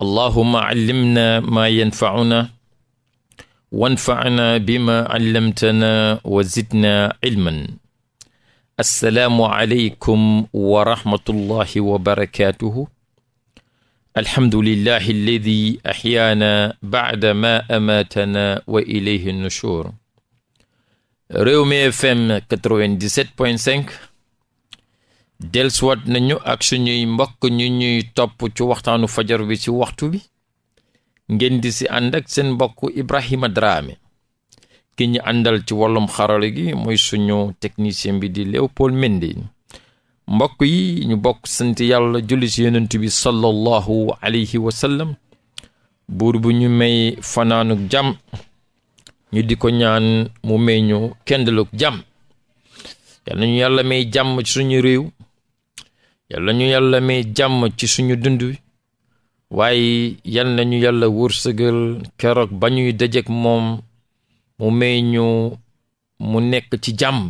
allahuma callimna maa yanfacuna wanfacna bima callamtana wa zidna cilman assalaamu aleykum wa rahmatullahi wa barakatuhu alhamdulillahi alladi axyaana bacda ma amaatana wa ilayhi nushur Rewmi FM 97.5 delsuwaat nañu ak suñuy mbokk ñu ñuy topp ci waxtaanu fajar bi ci waxtu bi ngeen di si ànd ak seen mbokk Ibrahima Drame ki ñu àndal ci wàllum xarala gi mooy suñu technicien bi di Léopold Mendy mbokk yi ñu bokk sant yàlla julli ci yonent bi sallallahu alayhi wa buur bu ñu may fanaanuk jàmm ñu di ko ñaan mu may ñu kendaluk jàmm yal ñu yàlla may jàmm ci suñu réew yàlla ñu yàlla may jàmm ci suñu dund wi waaye yal nañu yàlla wërsëgal keroog ba ñuy dajeek moom mu may ñu mu nekk ci jàmm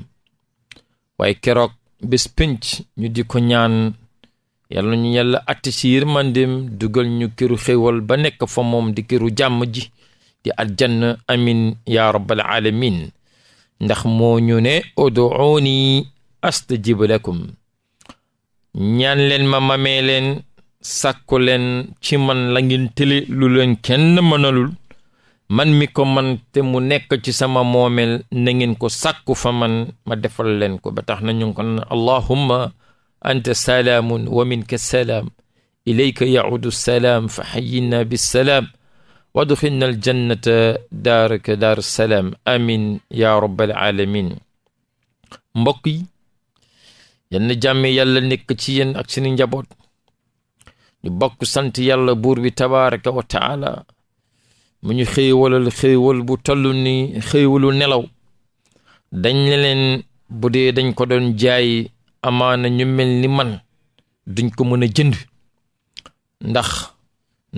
waaye keroog bés pénc ñu di ko ñaan yal nañu yàlla atti ci yërmandeem dugal ñu këru xéwal ba nekk fa moom di këru jàmm ji di aljanna amin yaa rabbal alamin ndax moo ñu ne uduuni astajib lakum ñaan leen ma ma leen sàkku leen ci man la ngeen tële lu leen kenn mënalul man mi ko man te mu nekk ci sama moomeel na ngeen ko sàkku fa man ma defal leen ko ba tax na ñu ngi ko naan allahumma anta salaamun wa minka salaam ilayka yaudu salaam fa xayyina bisalaam wadxilna aljannata daaraka daarussalaam amin ya rabbal alamin yi yenn jàmmi yàlla nekk ci yéen ak seeni njaboot ñu bokk sant yàlla buur bi tabaraka wa taala mu ñu xéewalal xéewal bu toll ni xéewalu nelaw dañ leen bu dee dañ ko doon jaay amaana ñu mel ni man duñ ko mën a jënd ndax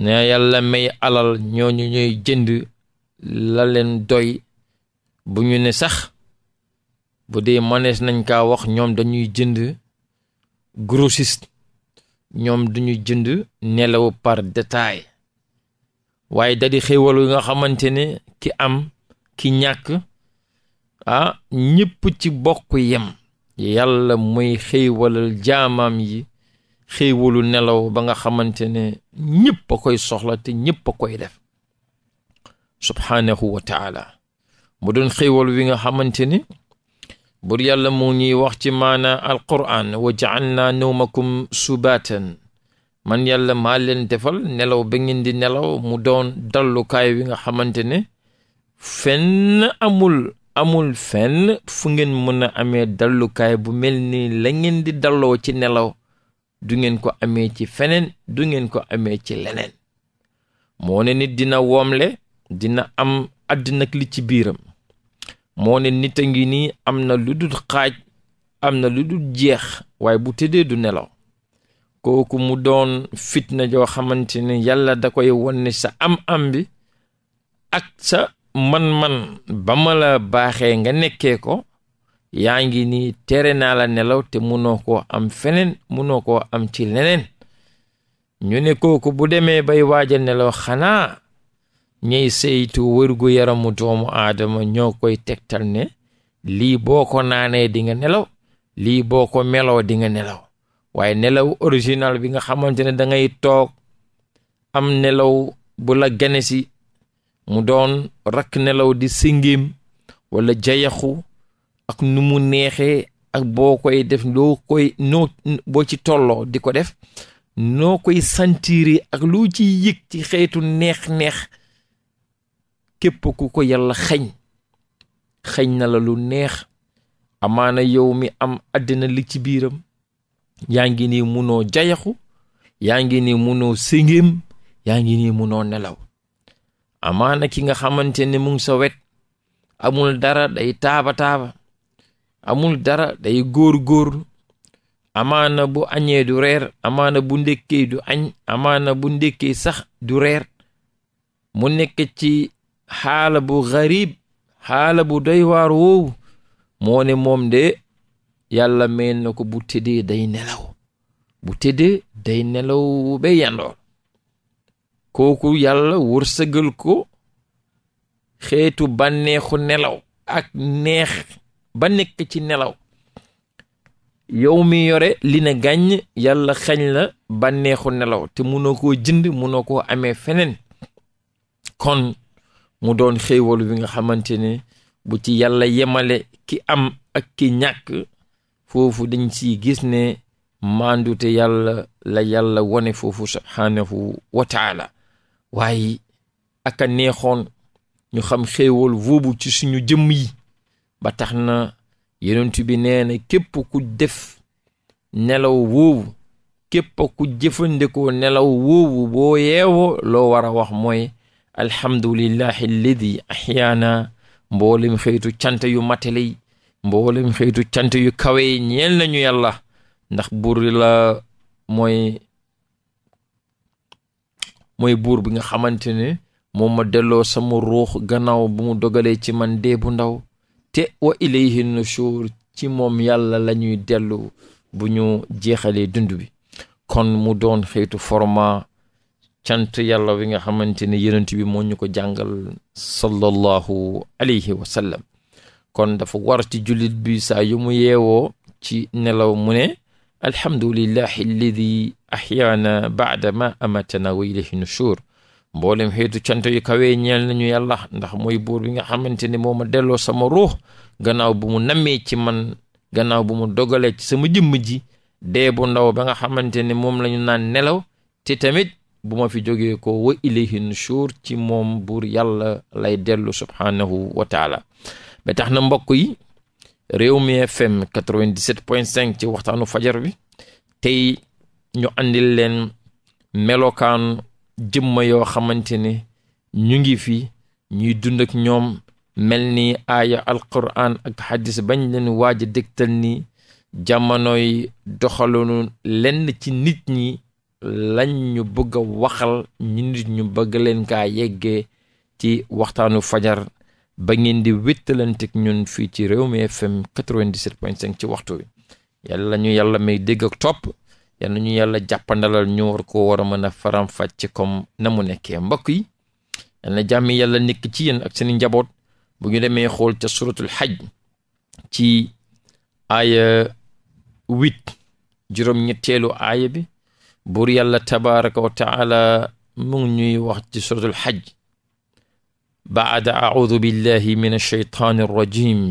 ne yàlla may alal ñooñu ñuy jënd la leen doy bu ñu ne sax bu dee manees nañ kaa wax ñoom dañuy jënd grossiste ñoom duñu jënd nelaw par détail waaye da xéewal xéwalu nga xamante ne ki am ki ñàkk ah ñëpp ci bokk yem yàlla muy xéwalal jaamam yi xéwalu nelaw ba nga xamante ne ñëpp a koy soxla te ñëpp a koy def subhaanahu wa mu doon xéwal wi nga xamante bur yàlla mu ñuy wax ci maana alquran wa new nawmakum subaatan man yàlla maa leen defal nelaw ba ngeen di nelaw mu doon dallukaay wi nga xamante ne fenn amul amul fenn fu ngeen mën a amee dallukaay bu mel ni la ngeen di dalloo ci nelaw du ngeen ko amee ci feneen du ngeen ko amee ci leneen moo ne nit dina woomle dina am àddina li ci biiram moo ne nit a ngi nii am na lu dul xaaj am na lu dul jeex waaye bu tëddee du nelaw kooku mu doon fitna joo xamante ne yàlla da koy wone sa am-am bi ak sa man-man ba ma la baaxee nga nekkee ko yaa ngi nii tere naa la nelaw te mënoo koo am feneen munoo koo am ci leneen ñu ne kooku bu demee bay waaja nelaw xanaa seytu saytu wërgu yaramu doomu aadama ñoo koy tegtal ne lii boo ko naanee dinga nelaw lii boo ko meloo dinga nelaw waaye nelaw original bi nga xamante ne da toog am nelaw bu la gane si mu doon rakk nelaw di singim walla jayaxu ak nu mu neexee ak boo koy def boo ci tolloo di ko def noo koy santiri ak lu ci yëg ci xeetu neex-neex képp ku ko yàlla xañ xañ na lu neex amaana yow mi am àddina li ci biiram yaa ngi nii munoo jayaxu yaa ngi nii munoo singim yaa ngi nii munoo nelaw amaana ki nga xamante ne mu ngi sa wet amul dara day taaba taaba amul dara day góor-góorlu amaana bu añee du reer amaana bu ndekkee du añ amaana bu ndekkee sax du reer mu nekk ci xaala bu garib xaala bu doy waar woowu moo ne moom de yàlla mel na ko bu tëddee day nelaw bu tëddee day nelaw ba yandoor kooku yàlla wërsëgal ko xeetu bànneexu nelaw ak neex ba nekk ci nelaw yow mi yore li ne gàññ yàlla xañ la banneexu nelaw te munoo ko jënd munoo ko ame feneen kon mu doon xéewalu bi nga xamante ne bu ci yàlla yemale ki am ak ki ñàkk foofu dañ siy gis ne maandute yàlla la yàlla wone foofu subhaanahu wa taala waaye aka neexoon ñu xam xéewal woobu ci suñu jëmm yi ba tax na yonent bi nee na képp ku def nelaw woowu képp ku jëfandikoo nelaw woowu boo yeewoo loo war a wax mooy alhamdulillahi alladi ahyaana mboolem xeetu cant yu matale yi mboolem xeetu cant yu kawe yi ñeel nañu yàlla ndax buur la mooy mooy buur bi nga xamante ne moom ma delloo sama ruux gannaaw bu mu dogalee ci man dee bu ndaw te wa ilayhi nushur ci moom yàlla la ñuy dellu bu ñu jeexalee dund bi kon mu doon xeetu format cant yàlla wi nga xamante ne yonent bi moo ñu ko jàngal sallallahu alayhi wa sallam kon dafa war ci jullit bi sa yu mu yeewoo ci nelaw mu ne alhamdulillahi alladi ahyaana baada ma amatana wa ilayhi nushur mboolem xeetu cant yu kawee ñeel nañu yàlla ndax mooy buur bi nga xamante ne moo ma delloo sama ruux gannaaw ci man gannaaw bu mu dogalee ci sama jëmm ji dee bu moom la ñu naan nelaw te tamit bu ma fi jógee ko wa ilayhi nushur ci moom buur yàlla lay dellu subhaanahu wa taala ba tax na mbokk yi réew mi fm 97.5 ci waxtaanu fajar bi tey ñu andil leen melokaan jëmma yoo xamante ne ñu ngi fi ñuy dund ak ñoom mel ni aaya alquran ak xadis bañ leen waaj a dégtal ni jamonoy doxalunu lenn ci nit ñi lañ ñu bëgg a waxal ñu nit ñu bëgg leen kaa yeggee ci waxtaanu fajar ba ngeen di wéttalanteeg ñun fii ci réew mi FM 97.5 ci waxtu wi yàlla ñu yàlla may dégg ak topp yal ñu yàlla jàppandalal ñu war ko war a mën a faram-fàcce comme na mu nekkee mbokk yi yal na yàlla nekk ci yéen ak seen njaboot bu ñu demee xool ca suratul xaj ci aaya huit juróom-ñetteelu aaya bi. buur yàlla tabaraka wa taala mu ñuy wax ci suratul xaj baada audu billahi min alsheytaani arrajim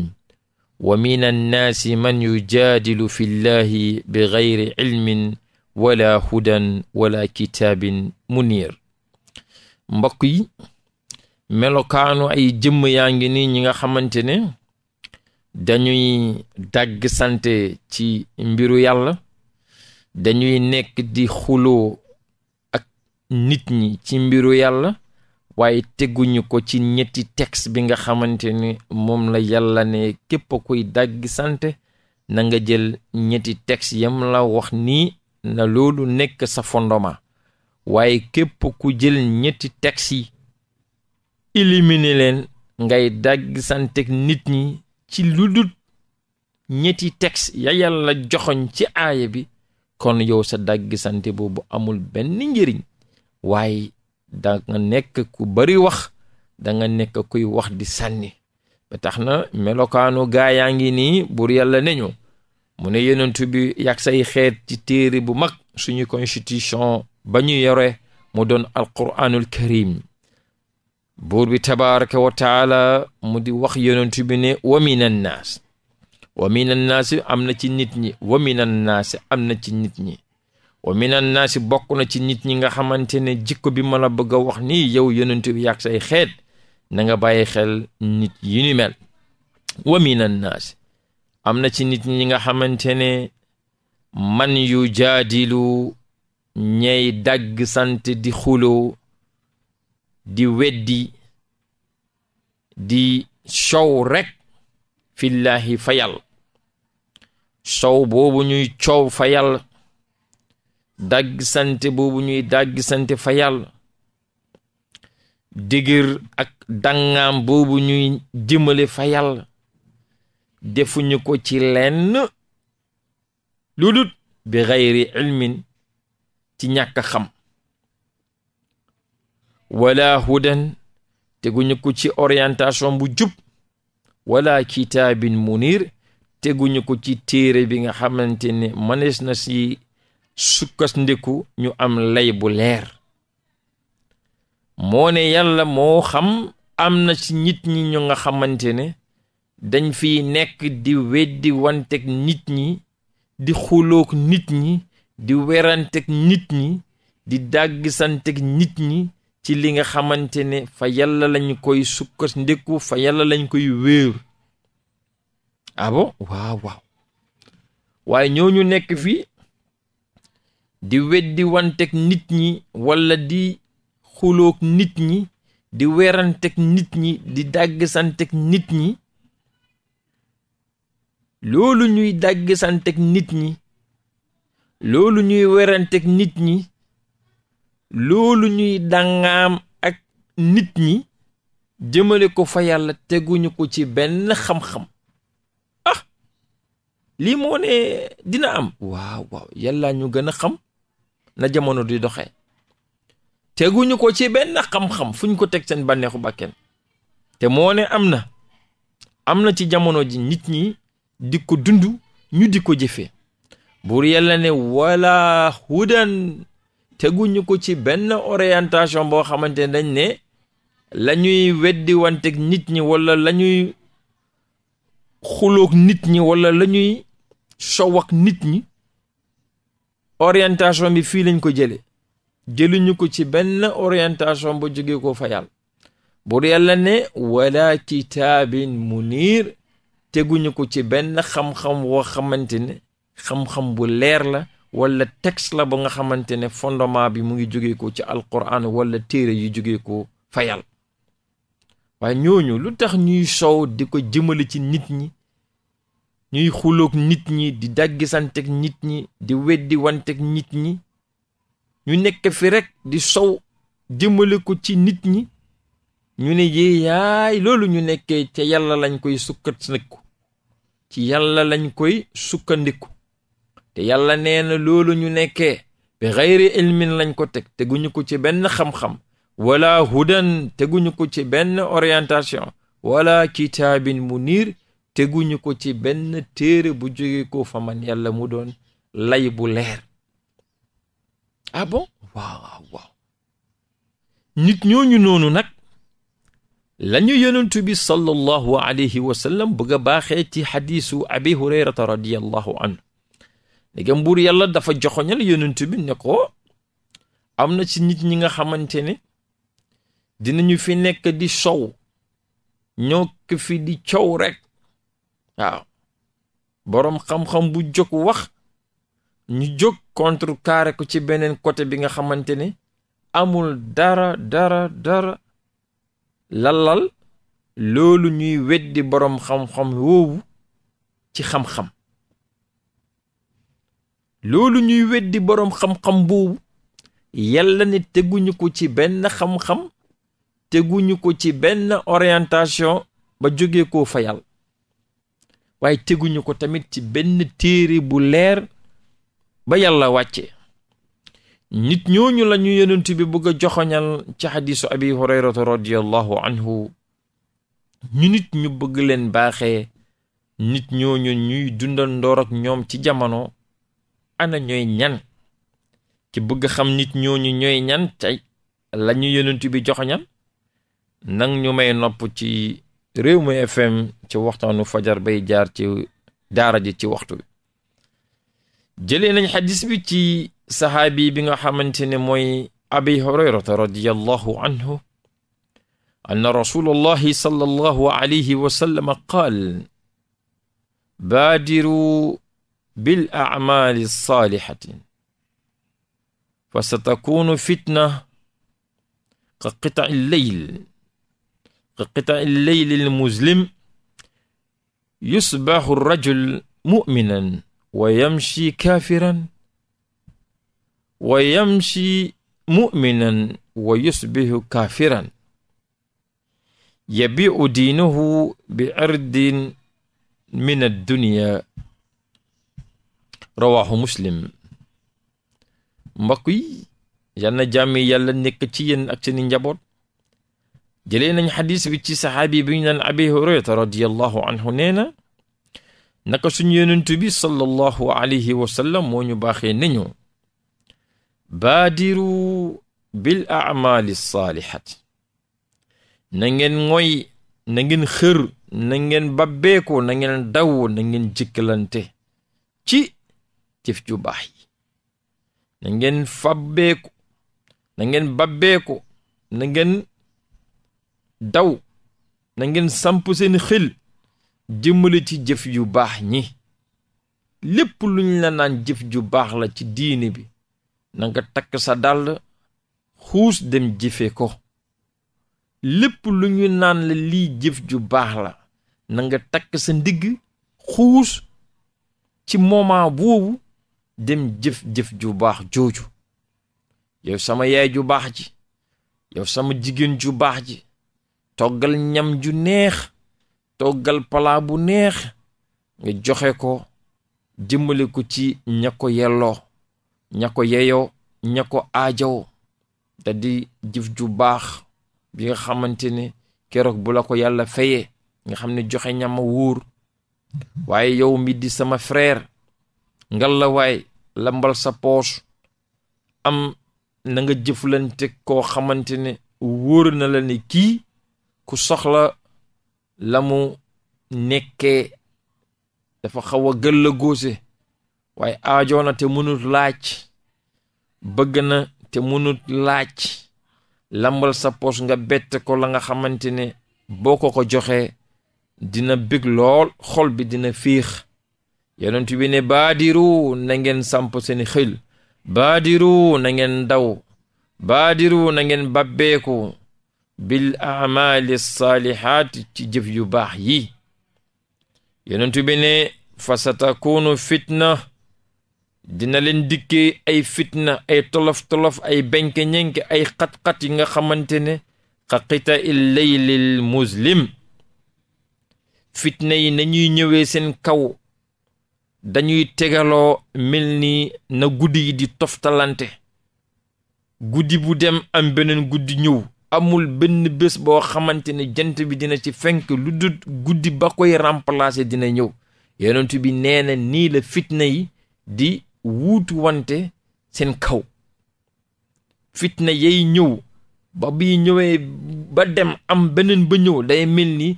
wa min annaasi man yujaadilu fi llahi bi gayri ilmin wala hudan wala kitaabin munir mbokk yi melokaanu ay jëmm yaa ngi nii ñi nga xamante ne dañuy dàgg sante ci mbiru yàlla dañuy nekk di xuloo ak nit ñi ci mbiru yàlla waaye teguñu ko ci ñetti tex bi nga xamante ni moom la yàlla ne képp kuy dàgg sante na nga jël ñetti texte yam la wax nii na loolu nekk sa fondement waaye képp ku jël ñetti texte yi éliminer leen ngay dàgg sante nit ñi ci lu dul ñetti tex ya yàlla joxoñ ci aaya bi kon yow sa dàggisante boobu amul benn njëriñ waaye da nga nekk ku bari wax da nekk kuy wax di sànni ba tax na melokaanu gaa yaa ngi nii buur yàlla ne ñu mu ne yenentu bi yàgg say xeet ci téere bu mag suñu constitution ba ñu yore mu doon alquranul karim buur bi tabaraka wa mu di wax yenentu bi ne wa minan wa minan naasi am na ci nit ñi wa minan naasi am na ci nit ñi wa minan naasi bokk na ci nit ñi nga xamante ne jikko bi ma la bëgg a wax nii yow yonentu bi say xeet na nga bàyyi xel nit yi ni mel wa minan naasi am na ci nit ñi nga xamante ne man yu jaadilu ñey dagg sant di xuloo di weddi di sow rek fillaahi fayal sow boobu ñuy coow fa yàlla dàgg ñuy dàgg sante fa yàlla digir ak dangaam boobu ñuy jëmale fa yàlla defuñu ko ci lenn lu bi xayri ilmin ci ñàkk xam wala hudan teguñu ko ci orientation bu jub wala kitaabin munir teguñu ko ci téere bi nga xamante ne mënees na ci sukkas ñu am lay bu leer moo ne yàlla moo xam am na ci nit ñi ñu nga xamante ne dañ fiy nekk di weddi wanteeg nit ñi di xuloog nit ñi di weranteeg nit ñi di dàggisanteeg nit ñi ci li nga xamante ne fa yàlla lañ koy sukkas ndiku fa yàlla lañ koy wéeru ah waaw waaw waaye ñooñu nekk fii di weddi wanteeg nit ñi walla di xuloog nit ñi di weranteeg nit ñi di dàggisanteeg nit ñi loolu ñuy dàggisanteeg nit ñi loolu ñuy weranteeg nit ñi loolu ñuy dangaam ak nit ñi jëmale ko fa yàlla teguñu ko ci benn xam-xam lii moo ne dina am waaw waaw yàlla ñu gën a xam na jamono di doxee teguñu ko ci benn xam-xam fuñ ko teg seen bànneexu bàkken te moo ne am na am na ci jamono ji nit ñi di ko dund ñu di ko jëfee buur yàlla ne wala hudan teguñu ko ci benn orientation boo xamante ne dañ ne lañuy ñuy nit ñi wala la ñuy nit ñi walla lañuy sow ak nit ñi orientation bi fii lañ ko jële jëluñu ko ci benn orientation ba jóge koo fa yàlla buur yàlla ne wala kitaabin niir teguñu ko ci benn xam-xam woo xamante ne xam-xam bu leer la wala texte la ba nga xamante ne fondement bi mu ngi jóge ko ci alquran wala téere yu jógee ko fayal yàlla waaye ñooñu lu tax ñuy sow di ko jëmale ci nit ñi ñuy xuloog nit ñi di dàggisanteeg nit ñi di weddi wanteeg nit ñi ñu nekk fi rek di sow jëmale ko ci nit ñi ñu ne yee yaay loolu ñu nekkee ca yàlla lañ koy sukkandiku ci yàlla lañ koy sukkandiku te yàlla nee na loolu ñu nekkee bi xayri ilmin lañ ko teg teguñu ko ci benn xam-xam wala hudan teguñu ko ci benn orientation wala kitaabin niir teguñu ko ci benn téere bu jóge ko fa man yàlla mu doon lay bu leer ah bon waaw waaw nit ñooñu noonu nag lañu yonentu bi sallallahu alayhi wa sallam a baaxee ci xadiisu abi hurayrata radiallahu anhu léegi mbuur yàlla dafa joxoñal yonentu bi ne am na ci nit ñi nga xamante ne dinañu fi nekk di sow ñoo ko di cow rekk waaw boroom xam-xam bu jóg wax ñu jóg contre carré ko ci beneen côté bi nga xamante ne amul dara dara dara lalal loolu ñuy weddi boroom xam-xam woowu ci xam-xam loolu ñuy weddi boroom xam-xam boobu yàlla ne teguñu ko ci benn xam-xam teguñu ko ci benn orientation ba jóge ko fayal waaye teguñu ko tamit ci benn téere bu leer ba yàlla wàcce nit ñooñu lañu ñu bi bëgg joxoñal ci xadiisu abi hurayrata radiallahu anhu ñu nit ñu bëgg leen baaxee nit ñooñu ñuy dundal ndoor ak ñoom ci jamono ana ñoy ñan ci bëgg xam nit ñooñu ñooy ñan tey la ñu yonent bi joxoñal nang ñu may nopp ci réew mi fm ci waxtaanu fajar bay jaar ci daara ji ci waxtu bi jëlee nañ xadis bi ci saxaabi bi nga xamante ne mooy abi hurayrata radiallahu anhu anna rasulallahi sallallahu alayhi wa sallam qaal baadiru bil acmaali saalihati fa satakunu fitna ka qitaci lleyl ka qitaa lleyli lmuslim yusbaxu rajul muminan wa yamshi kaafiran wa yamshi muminan wa yusbixu kaafiran yabiu diinahu bi ardin min addunya rawaahu muslim mbokk yi yal na jàmmi yàlla nekk ci yéen ak seeni njaboot jëlee nañ xadis bi ci saxaabi bi ñu naan abi hurayrata radiallahu anhu nee na naka suñu yonent bi sallallahu alayhi wa sallam moo ñu baaxee nañu baadiru bil aamaali saalihat na ngeen mooy na ngeen xër na ngeen babbeeku na ngeen daw na ngeen jikkalante ci jëf ju baax yi na ngeen fabbeeku na daw na ngeen samp seen xel jëmmale ci jëf yu baax ñi lépp luñ la naan jëf ju baax la ci diine bi nanga takk sa dàll xuus dem jëfe ko lépp lu ñu naan la lii jëf ju baax la na nga takk sa ndigg xuus ci moment boobu dem jëf-jëf ju baax jooju yow sama yaay ju baax ji yow sama jigéen ju baax ji toggal ñam ju neex toggal palaa bu neex nga joxe ko jëmmale ko ci ña ko yelloo ña ko yeyoo ña ko aajow da di jëf ju baax bi nga xamante ne keroog bu la ko yàlla fayee nga xam ne joxe ñam wóor waaye yow mi di sama frère ngal la waay lambal sa poos am na jëflante koo xamante ne wóor na la ne kii ku soxla lamu mu dafa xaw a gëlla góose waaye aajoona te mënut laaj bëgg na te mënut laaj lambal sa poos nga bett ko la nga xamante ne boo ko ko joxee dina bég lool xol bi dina fiix yonent bi ne baadiru na ngeen samp seeni xël baadiru na ngeen daw baadiru na babbeeku bil aamaali saalihaat ci jëf yu baax yi yonentu bi ne fa satakunu fitna dina leen dikkee ay fitna ay tolof-tolof ay benke-ñenke ay xat-xat yi nga xamante ne xaqita il leylil muslim fitna yi nañuy ñëwee seen kaw dañuy tegaloo mel ni na guddi di toftalante guddi dem am beneen guddi ñëw amul benn bés boo xamante ne jant bi dina ci fenk lu dul guddi ba koy remplacer dina ñëw yonent bi nee na nii la fitna yi di wuutu wante seen kaw fitna yay ñëw ba bi ñëwee ba dem am beneen ba ñëw day mel ni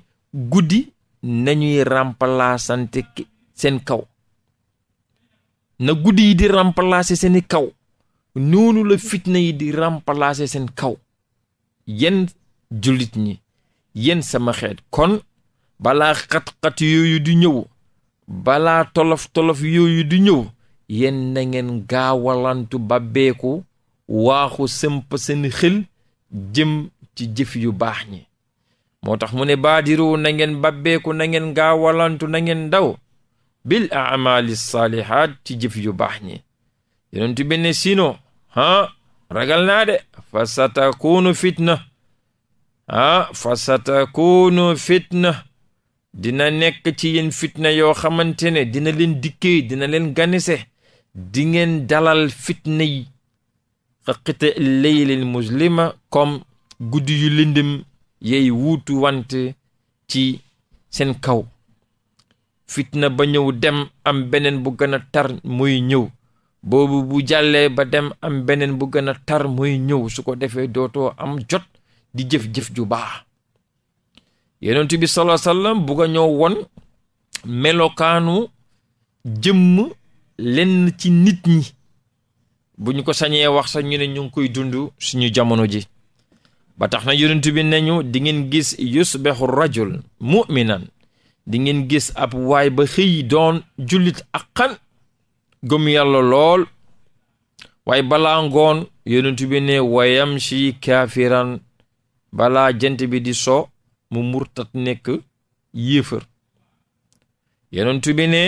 guddi nañuy remplaçante seen kaw na guddi yi di remplacer seeni kaw noonu la fitna yi di remplacer seen kaw yen jullit ñi yéen sama xeet kon balaa xat-xat yooyu di ñëw balaa tolof-tolof yooyu di ñëw yéen na ngeen gaawalantu ba waaxu sëmp seen xel jëm ci jëf yu baax ñi moo tax mu ne baadiru na ngeen babbeeku na ngeen gaawalantu na ngeen daw bil amali saalihaat ci jëf yu baax ñi yonentu bi ne sino ha ragal naa de fa satakunu fitna ah fa satakunu dina nekk ci yenn fitna yoo xamante ne dina leen dikkee dina leen ganise di ngeen dalal fitna yi xaqita leylil muslima comme guddi yu lëndëm yey wuutu wante ci seen kaw fitna ba ñëw dem am beneen bu gën a tar muy ñëw boobu bu jàllee ba dem am beneen bu gën a tar mooy ñëw su ko defee dootoo am jot di jëf-jëf ju baax yonent bi sallallahu alayhi wasallam ñëw won melokaanu jëmm lenn ci nit ñi bu ñu ko sañee wax sax ñu ne ñu ngi koy dund suñu jamono ji ba tax na yonent bi nañu di ngeen gis yusbihu rajul mu'minan di ngeen gis ab waay ba xëy doon jullit aqan gëm yàlla lool waaye balaa ngoon yonent ne wayam si kaafiran balaa jant bi di soo mu murtat nekk yéefër yonent bi ne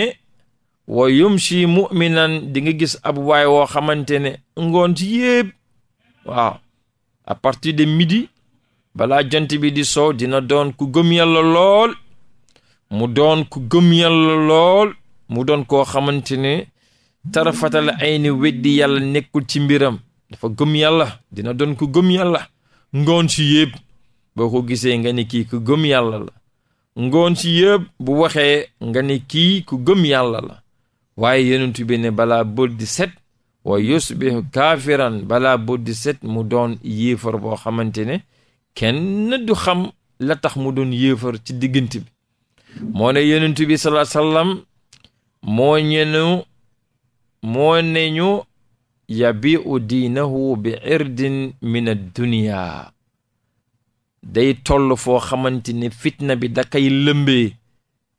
wa yum muminan di gis ab waay woo xamante ne ngoon ci yépp waaw à partir de midi balaa jant bi di sow dina doon ku gëm yàlla lool mu doon ku gëm yàlla lool mu doon koo xamante ne tarafatal ay ni weddi yàlla nekkul ci mbiram dafa gëm yàlla dina doon ko gëm yàlla ngoon si yëpp boo ko gisee nga ni kii ku gëm yàlla la ngoon si yëpp bu waxee nga ni kii ko gëm yàlla la waaye yenantu bi ne balaa bët di set wa yusbihu kaafiran balaa bët di set mu doon yéefar boo xamante ne kenn du xam la tax mu doon yéefar ci diggante bi moo ne yonent bi salaa moo ñenu moo ne ñu yabiu diinahu bi irdin min adduniya day toll foo xamante ne fitna bi da kay lëmbee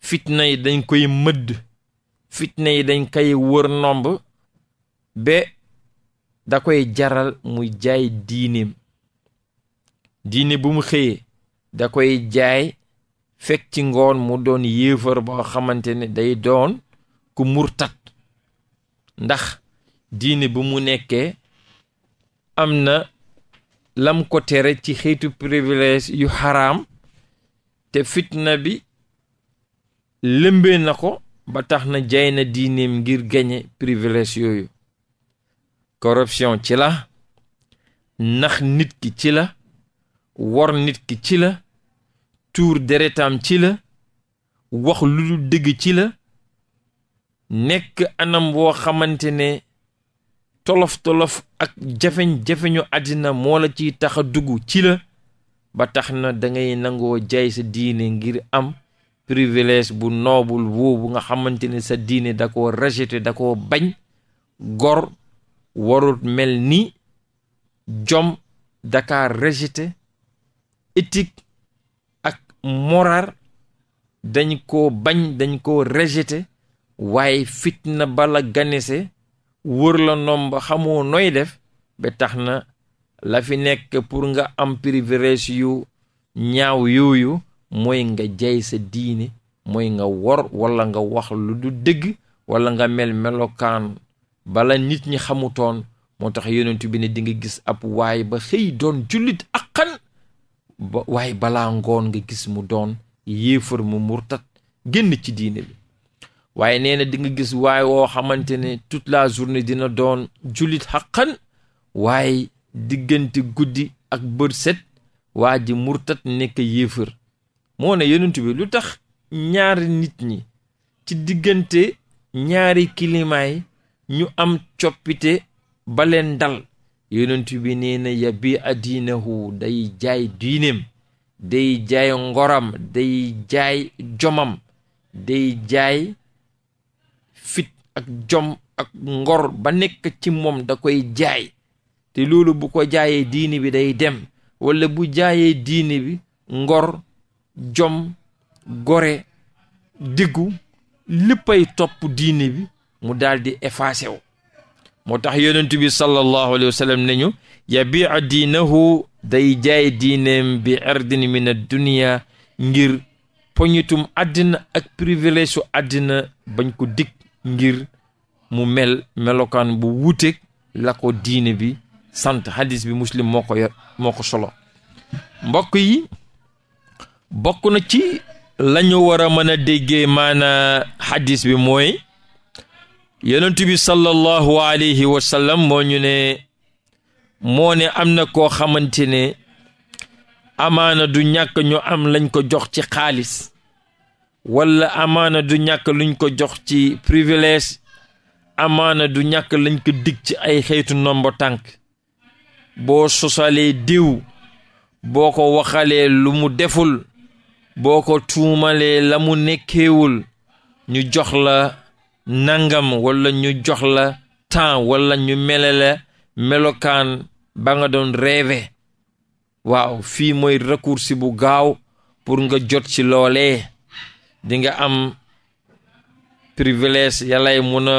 fitna yi dañ koy mëdd fitna yi dañ koy wër nomb ba da koy jaral muy jaay diineem diine bu mu xëyee da koy jaay fekk ngoon mu doon yéefar boo xamante ne day doon ku murtat ndax diine bi mu nekkee am na lam ko ci xeetu privilège yu xaraam te fitna bi lëmbee na ko ba tax na jaay na diineem ngir gañe privilège yooyu corruption ci la nax nit ki ci la wor nit ki ci la tuur deretam ci la wax lu dul dëgg ci la nekk anam woo xamante ne tolof-tolof ak jafeñ-jafeñu àddina moo la ciy tax a dugg ci la ba tax na dangay nangoo jaay sa diine ngir am privilège bu noobul boobu nga xamante ne sa diine da koo rejeté da koo bañ gor warut mel ni jom daka rejeté etik ak moral dañ koo bañ dañ ko rejeté waaye fitna bala ganese wër la nomba xamoo nooy def ba tax na la fi nekk pour nga am privilège yu ñaaw yooyu mooy nga jay sa diine mooy nga wor walla nga wax lu du dëgg walla nga mel melokaan bala nit ñi xamutoon moo tax yonent bi ne di nga gis ab waay ba xëy doon jullit akkan waaye balaa ngoon nga gis mu doon yéefar mu murtat génn ci diine bi waaye nee na dinga gis waaye woo xamante ne toute la journée dina doon jullit xaqan waaye diggante guddi ak bër set waa ji murtat nekk yéefër moo ne yonent bi lu tax ñaari nit ñi ci diggante ñaari climat ñu am coppite ba leen dal yonent bi nee na yabi adiinahu day jaay diineem day jaay ngoram day jaay jomam day jaay fit ak jom ak ngor ba nekk ci da koy jaay te loolu bu ko jaayee diini bi day dem walla bu jaayee diini bi ngor jom gore diggu léppay topp diini bi mu daldi effacé wu moo tax yonent bi sallallahu alayhi wa sallam ne ñu yabi'a diinahu day jaay diineem bi ardin min ad-dunya ngir poñitum àddina ak privilège su àddina bañ ko dig ngir mu mel melokaan bu wuuteeg la ko diine bi sant hadis bi muslim moo ko moo ko solo mbokk yi bokk na ci lañu ñu war a mën a déggee maana hadis bi mooy yonent bi sallallahu alayhi wa moo ñu ne moo ne am na koo xamante ne amaana du ñàkk ñu am lañ ko jox ci xaalis walla amaana du ñàkk luñ ko jox ci privilège amaana du ñàkk lañ ko dig ci ay xeetu ndombo tànk boo sosalee diw boo ko waxalee lu mu deful boo ko tuumalee la mu nekkeewul ñu jox la nangam walla ñu jox la temps walla ñu mele la melokaan ba nga doon rêve waaw fii moy recours bu gaaw pour nga jot ci loole dinga nga am privilège yàllay mun a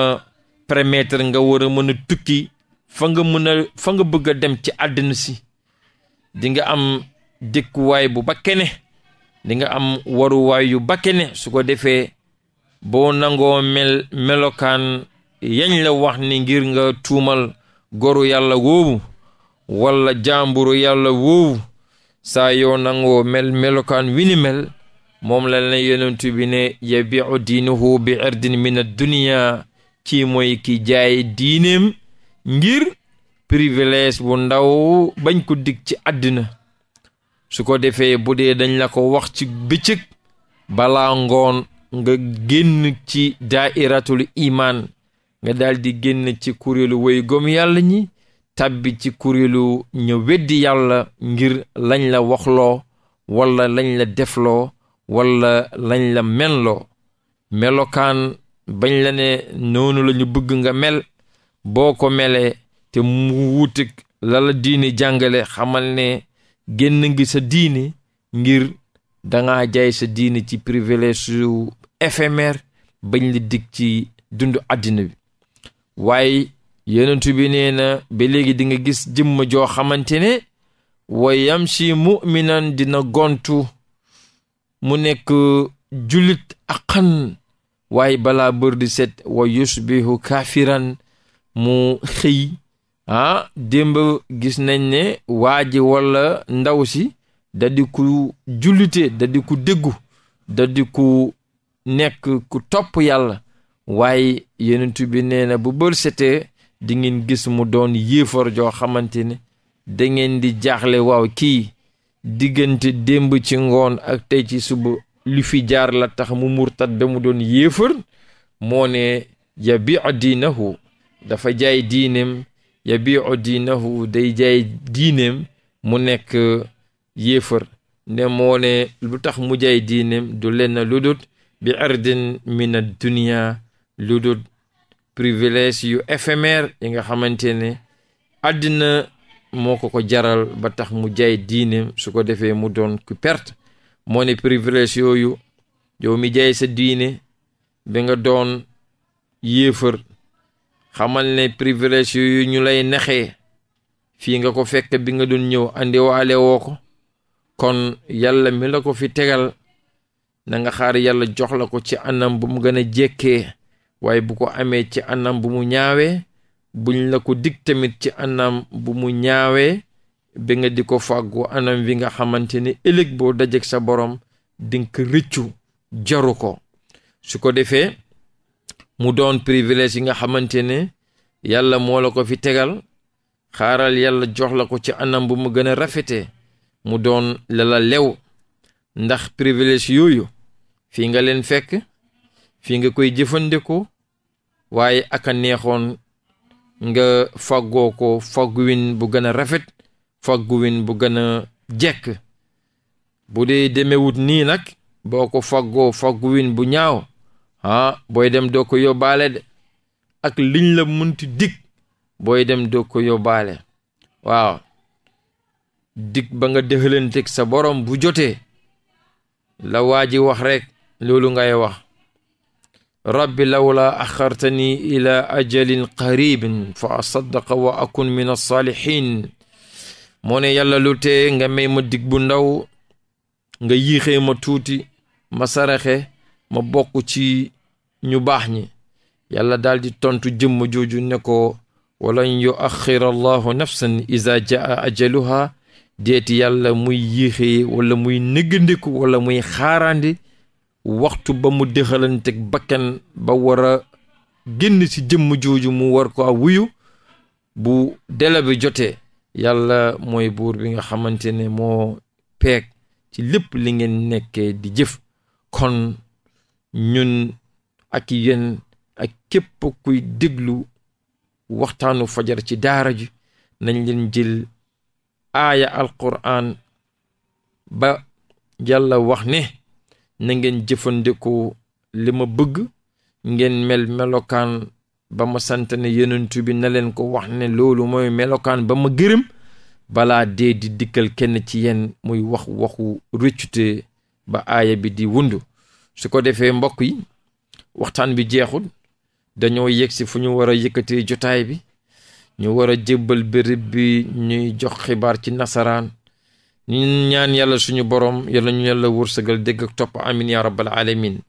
permettre nga war a mën a tukki fa nga mën a fa nga bëgg a dem ci àddina si dinga am dëkkuwaay bu bakkene di nga am waruwaay yu bakkene su ko defee boo nangoo melokaan yañ la wax ni ngir nga tuumal goru yàlla woowu walla jaamburu yàlla woowu saa yoo nangoo mel melokaan wi mel moom la leen yonentu bi ne yabiu diinuhu bi erdin min ad-dunya kii mooy ki jaay diineem ngir privilège bu ndaw bañ ko dig ci àddina su ko defee bu dee dañ la ko wax ci bëccëg balaa ngoon nga génn ci daairatul imaan nga daldi génn ci kuréelu way gom yàlla ñi tàbbi ci kuréelu ñu weddi yàlla ngir lañ la waxloo walla lañ la defloo walla lañ la melloo melokaan bañ la ne noonu lañu bëgg nga mel boo ko melee te mu lala la la diine jàngale xamal ne génn ngi sa diine ngir danga jaay sa diine ci privilège yu éphémère bañ la dig ci dundu àddina bi waaye yonentu bi nee na ba léegi di nga gis jëmm joo xamante ne wa yamshi mu'minan dina gontu mu nekk jullit aqan waaye balaa bër di set wa yusbihu kaafiran mu xëy ah démb gis nañ ne waa ji walla ndaw si da di ku jullite da ku déggu da ku nekk ku topp yàlla waaye yenent bi nee na bu bër setee di ngeen gis mu doon yéefar joo xamante ne da ngeen di jaaxle waaw kii diggante démb ci ngoon ak tey ci suba lu fi jaar la tax mu murtat ba mu doon yéefar moo ne yabiu diinahu dafa jaay diineem yabiu diinahu day jaay diineem mu nekk yéefar ne moo lu tax mu jaay diineem du lenn lu dut bi ardin min ad dunia lu dut privilège yu éphémère yi nga xamante ne moo ko ko jaral ba tax mu jaay diine su ko defee mu doon ku perte moo ne privilège yooyu yow mi jaay sa diine bi nga doon yéefar xamal ne privilège yooyu ñu lay naxee fii nga ko fekk bi nga doon ñëw andi woo ko kon yàlla mi la ko fi tegal na xaar yàlla jox la ko ci anam bu mu gën a jékkee waaye bu ko amee ci anam bu mu ñaawee buñ la ko dig tamit ci anam bu mu ñaawee bi nga di ko fàggu anam wi nga xamante ne ëllëg boo dajeg sa borom dinga riccu rëccu jaru ko su ko defee mu doon privilège yi nga xamante ne yàlla moo la ko fi tegal xaaral yàlla jox la ko ci anam bu mu gën a rafetee mu doon lala lew ndax privilège yooyu fii nga leen fekk fii nga koy jëfandikoo waaye aka neexoon nga faggoo ko fagguwin bu gën a rafet fagguwin bu gën a jekk bu dee demewut nii nag boo ko faggoo fagguwin bu ñaaw ah booy dem doo ko yóbbaale de ak liñ la munti dikk booy dem doo ko yóbbaale waaw dikk ba nga dëxalanteeg sa borom bu jotee la waa ji wax rekk loolu ngay wax rabbi lawla axartani ila ajalin qaribin fa asaddaqa wa akun min alsaalihin moo ne yàlla lu nga may ma dig bu ndaw nga yiixee ma tuuti ma saraxe ma bokk ci ñu baax ñi yàlla daal tontu jëmm jooju ne ko walan yu axira allahu nafsan iza jaa ajaluha deeti yàlla muy yiixee wala muy nëggandiku wala muy xaarandi waxtu ba mu dëxalanteeg bakkan ba war a génn ci jëmm jooju mu war ko a wuyu bu dele bi jotee yàlla mooy buur bi nga xamante ne moo peeg ci lépp li ngeen nekkee di jëf kon ñun ak yéen ak képp kuy déglu waxtaanu fajar ci daara ji nañ leen jël aaya alquran ba yàlla wax ne nangeen jëfandikoo li ma bëgg ngeen mel melokaan ba ma sant ne bi na leen ko wax ne loolu mooy melokaan ba ma gërëm balaa dee di dikkal kenn ci yéen muy wax waxu rëccute ba aaya bi di wundu su ko defee mbokk yi waxtaan bi jeexul dañoo yegg si fu ñu war a yëkkatee jotaay bi ñu war a jébbal béréb bi ñuy jox xibaar ci nasaraan ñu ñaan yàlla suñu borom yàlla ñu yàlla wërsëgal dégg ak topp amin ya rabbal alamin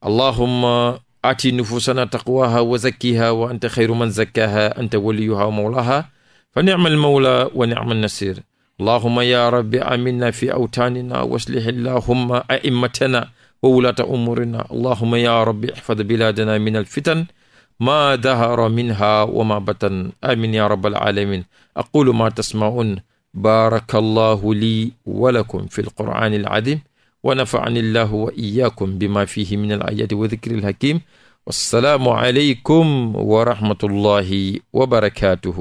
allahumma aati nufusana taqwaha wa zakkiha wa anta xayru man zakkaha anta waliyuha wa mawlaha fa nicma almawla wa nicma nasir allahumma ya rabbi aminna fi awtaanina waslih allahumma aimmatana wa wulaata umurina allahumma ya rabbi ihfad biladana min alfitan ma dahara minha wa ma batan amin ya rabbal alamin aqulu ma tasmaun baarakallahu lii wa lakum fi alqur'ani alazim wa nafa'ani allahu wa iyaakum bima fihi min alayati wa dhikri alhakim wassalaamu aleykum wa rahmatullahi wa barakatuhu